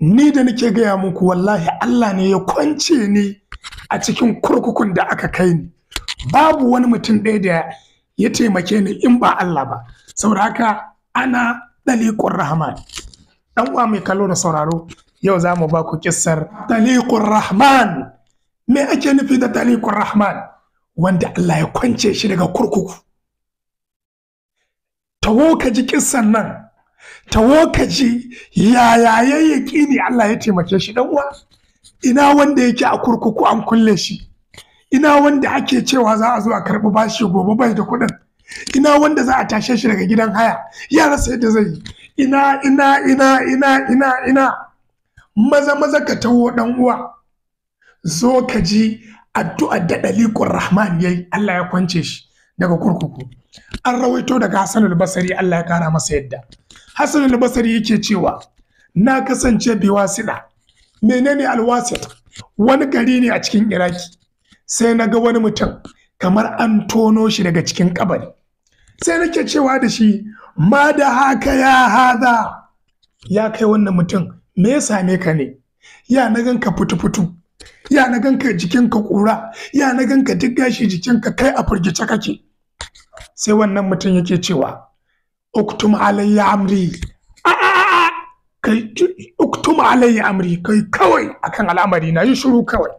ni da nake gaya muku wallahi Allah ne ya kwance ni a cikin kurkukun da aka kai ni babu wani mutum ɗaya da ya taimake ni in ba Allah ba saboda haka ana ɗaliƙun rahman dan uwa mai kallo da sauraro yau za mu ba ku kissar ɗaliƙun rahman me ake nufi da ɗalikun rahman wanda Allah ya kwance shi daga kurkuku tawo ka ji kissan nan tawokaji yaya ya yaƙi ni Allah ya taimake shi dan uwa ina wanda yake a kurkuku an kulle shi ina wanda ake cewa za a zo a karɓi bashi gobe bai da kuɗin ina wanda za a tashe shi daga gidan haya ya rasa yadda zai yi ina ina ina ina ina ina maza maza ka tawo dan uwa zo ka ji addu'ar da dalikun rahman yayi Allah ya kwance shi daga kurkuku an rawaito daga Hassan albasari Allah ya kara masa yadda Hassan albasari yake cewa na kasance biwasida menene alwasit wani gari ne a cikin Iraki sai na ga wani mutum kamar an tono shi daga cikin kabari sai nake cewa da shi ma da haka ya hada ya kai wannan mutum me ya same ka ne ya na ganka fitu-fitu ya na ganka jikinka kura ya na ganka duk gashi jikinka kai a firgice kake sai wannan mutum yake cewa uktum alayya amri kai uktum alayya amri kai kawai akan al'amari na yi shiru kawai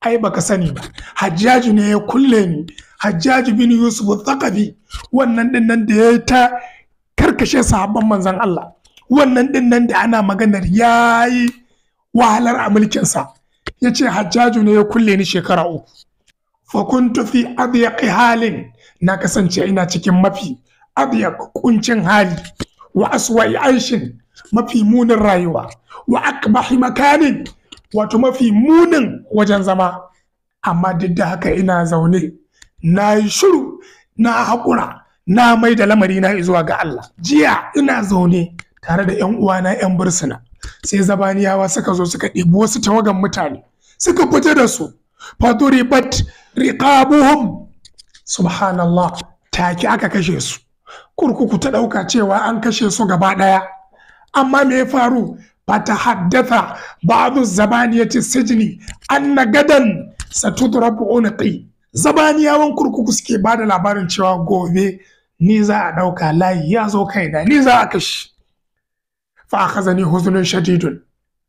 ai baka sani ba Hajjaji ne ya kulle ni Hajjaji bin yusuf thaqafi wannan din nan da ya ta karkashe sahabban manzan Allah wannan din nan da ana maganar yayi wahalar a mulkinsa ya ce Hajjaji ne ya kulle ni shekara uku fa kuntu fi halin na kasance ina cikin mafi adyaq kuncin hali wa aswa'i aishin mafi munin rayuwa wa akbahi makanin wato mafi munin wajen zama amma duk da haka ina zaune na yi shiru na haƙura na mai da lamari na zuwa ga Allah jiya ina zaune tare da yan uwana yan bursuna sai zabaniyawa suka zo suka ɗibi wasu tawagan mutane suka fita da su faduri bat riqabuhum subhanallah Taki aka kashe su kurkuku ta ɗauka cewa an kashe su gaba ɗaya amma me ya faru fatahaddatha zabani zabaniyati sijni anna gadan satudrabu unqi zabaniyawan kurkuku suke ba da labarin cewa gobe ni za a ɗauka layi ya zo kaina ni za a kashe fa akhazani huzunin shadidun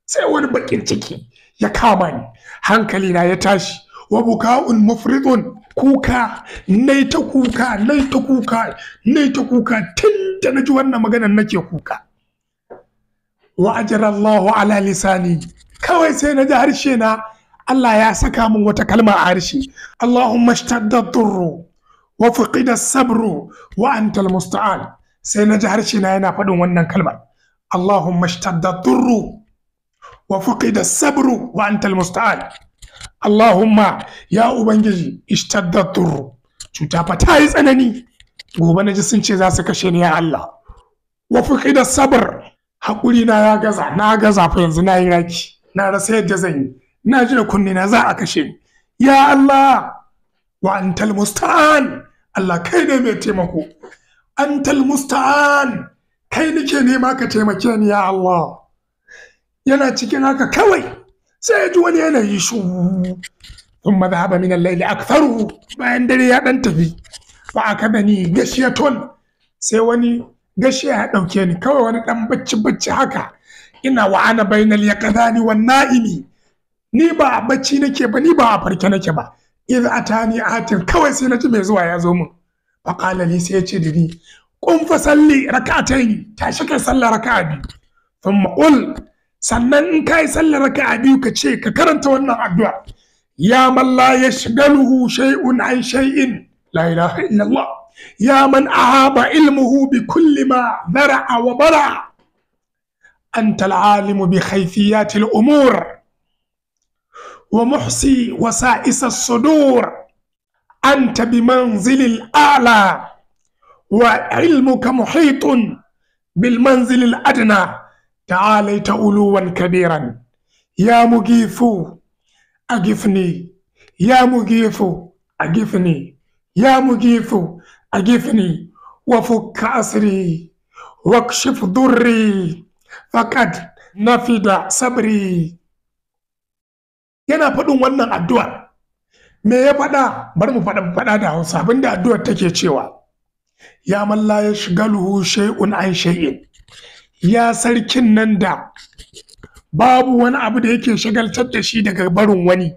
sai wani bakin ciki ya kama ni hankali na ya tashi wa buka'un mufridun kuka nai ta kuka nai ta kuka nai ta kuka tunda naji wannan maganar nake kuka wa ala lisani kawai sai na ji harshe na Allah ya saka min wata kalma a harshe Allahumma shtadda durru wa fuqida sabru wa antal musta'an sai na ji harshe na yana faɗin wannan kalmar Allahumma shtadda durru wa fuqida sabru wa antal musta'an Allahumma ya Ubangiji ishtadda turu. cuta fa ta yi tsanani gobe na ji sun ce za su kashe ni ya Allah wa da sabar. hakuri na ya gaza na gaza fa yanzu na yi raki na rasa yadda zan yi na ji da na za a kashe ni ya Allah wa antal musta'an Allah kai ne mai taimako antal musta'an kai nake nema ka taimake ni ya Allah yana cikin haka kawai sai ya wani yanayi shu sun mazhaba min al-layli aktharu bayan dare ya dan tafi fa akadani gashiyaton sai wani gashiya ya dauke ni kawai wani dan bacci bacci haka ina wa ana bainal yaqdani wan na'imi ni ba a bacci nake ba ni ba a farke nake ba idh atani atin kawai sai naji mai zuwa ya zo min fa qala li sai ya ce dini kun fa salli rak'atayn tashi kai sallar raka'a biyu thumma qul sannan in kai sallar raka'a biyu ka ce ka karanta wannan addu'a ya man la yashghaluhu shay'un an shay'in la ilaha illa Allah ya man ahaba ilmuhu bi kulli ma dhara'a wa bara anta al alim bi khayfiyat al-umur wa muhsi wasa'is as-sudur anta bi manzilil a'la وعلمك محيط بالمنزل الأدنى تعاليت علوا كبيرا يا مجيث أجفني يا مجيث أجفني يا مجيث أجفني وفك أسري واكشف ضري فقد نفد صبري yana faɗin wannan addu'a me ya faɗa bari mu faɗa faɗa da hausa abinda addu'ar take cewa ya ya shiga yashgaluhu shay'un an shay'in ya sarkin nan da babu wani abu da yake shagaltar da shi daga barin wani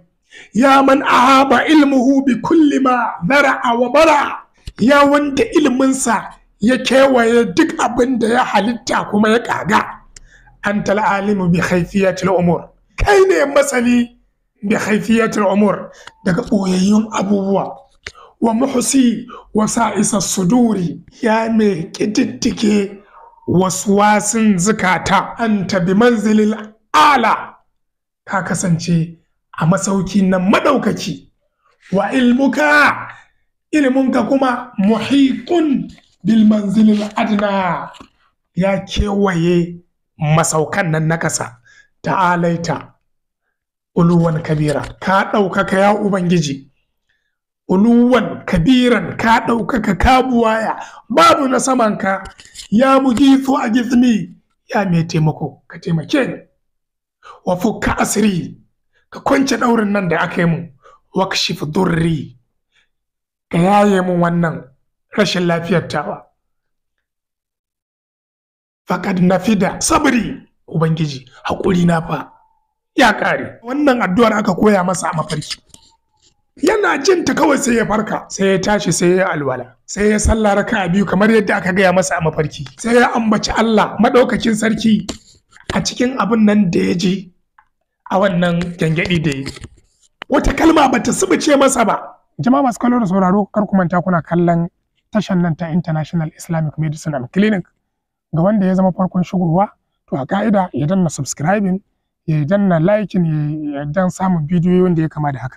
ya man ahaba ilmuhu bi kulli ma zara'a wa bara ya wanda ilminsa ya kewaye duk abin da ya halitta kuma ya kaga an alimu bi khaifiyatil umur kai ne masani bi khaifiyatil umur daga boyayyun abubuwa wa muhsi wa sa'isa suduri ya mai kididdike waswasin zukata anta bi manzilil ala ka kasance a masauki na madaukaki wa ilmuka ilminka kuma muhiqun bil manzilil adna ya kewaye masaukan nan na kasa alaita uluwan kabira ka ɗaukaka ya ubangiji uluwan kabiran ka ɗaukaka ka buwaya babu na samanka ya mugithu a gizmi. ya mai taimako ka taimake ni wa fuka asiri ka kwance ɗaurin nan da aka yi mu wa kashif durri ka yaye mu wannan rashin lafiyar tawa faqad nafida sabri ubangiji haƙuri na fa ya kare wannan addu'ar aka koya masa a mafarki yana jin ta kawai sai ya farka sai ya tashi sai ya alwala sai ya salla raka biyu kamar yadda aka gaya masa a mafarki sai ya ambaci Allah madaukakin sarki a cikin abin nan da ya ji a wannan gyangyaɗi da ya wata kalma ba ta subuce masa ba jama'a masu kallo da sauraro kar ku manta kuna kallon tashan nan ta International Islamic Medicine and Clinic ga wanda ya zama farkon shigowa to a ka'ida ya danna subscribing ya danna liking ya dan samun bidiyo da ya kama da haka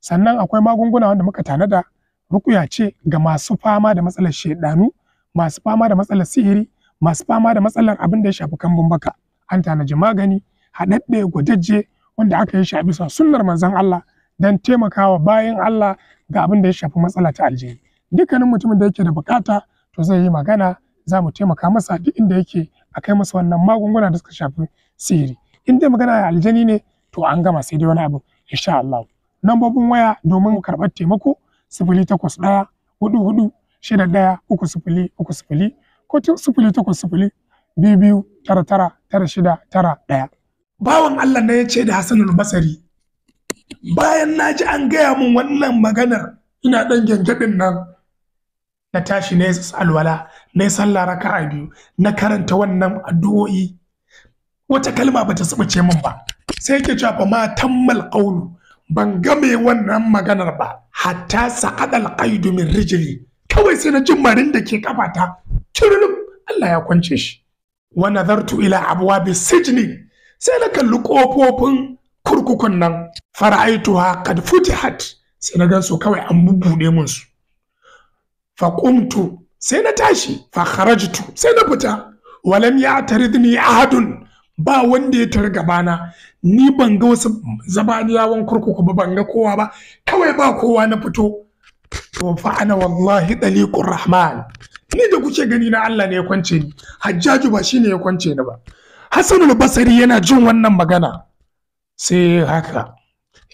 sannan akwai magunguna wanda muka tanada rukuya ce ga masu fama da matsalar shedanu masu fama da matsalar sihiri masu fama da matsalar abin da ya shafi kambun baka an tanaji magani haɗaɗɗe gwajajje wanda aka yi shafi a sunnar manzon Allah don taimakawa bayan Allah ga abin da ya shafi matsala ta aljini dukkanin mutumin da yake da bukata to zai yi magana za mu taimaka masa duk inda yake a kai masa wannan magunguna da suka shafi sihiri in dai magana aljani ne to an gama sai dai wani abu insha Allah Nambobin waya domin karɓar taimako sifili takwas ɗaya hudu hudu shida ɗaya uku sifili uku sifili ko sifili takwas sifili biyu biyu tara tara tara shida tara ɗaya. Bawan Allah na ya ce da Hassanul Basari bayan na ji an gaya min wannan maganar ina ɗan gyangyaɗin nan na tashi na yi alwala na yi sallah raka'a biyu na karanta wannan addu'o'i wata kalma bata ce min ba sai yake cewa fa ma tammal qawlu ban game wannan maganar ba hatta sa'adal qaidu min rijli kawai sai na jin marin da ke kafata kirulum Allah ya kwance shi wa nazartu ila abwabi sijni sai na kalli kofofin kurkukun nan fara'aituha kad futihat sai na gan su kawai an bubbude mun su fa qumtu sai na tashi fa kharajtu sai na fita walam ya'taridni ahadun ba wanda ya tare gabana ni ban ga wasu zabaniyawan kurkuku ba ban ga kowa ba kawai ba kowa na fito to fa ana wallahi daliqur rahman ni da kuke gani na Allah ne ya kwance ni hajjaju ba shine ya kwance ni ba hasanul basri yana jin wannan magana sai haka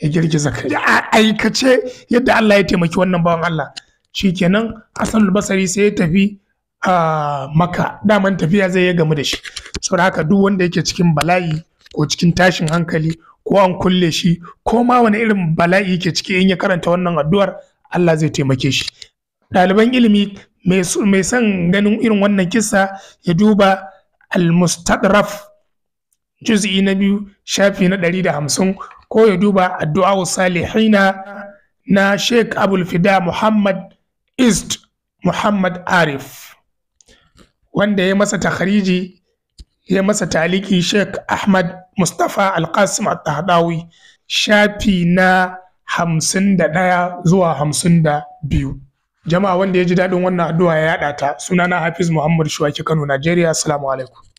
ya girgiza kai a aikace yadda Allah ya taimaki wannan bawan Allah shikenan hasanul basri sai ya tafi a ah, maka daman tafiya zai ya gamu da shi saboda haka duk wanda yake cikin bala'i ko cikin tashin hankali ko an kulle shi ko ma wani irin bala'i yake ciki in ya karanta wannan addu'ar Allah zai taimake shi ɗaliban ilimi mai son ganin irin wannan kisa ya duba al-mustadraf juz'i na biyu shafi na ɗari da hamsin ko ya duba addu'a salihina na sheikh abul fida muhammad east muhammad arif wanda ya masa takhariji ya masa taliki Sheikh Ahmad Mustapha Al-Qasim al shafi na hamsin ɗaya zuwa hamsin Jama'a wanda ya ji daɗin wannan addu'a ya yaɗa ta sunana Hafiz Muhammad Shuwaki Kano, Najeriya, Assalamu alaikum.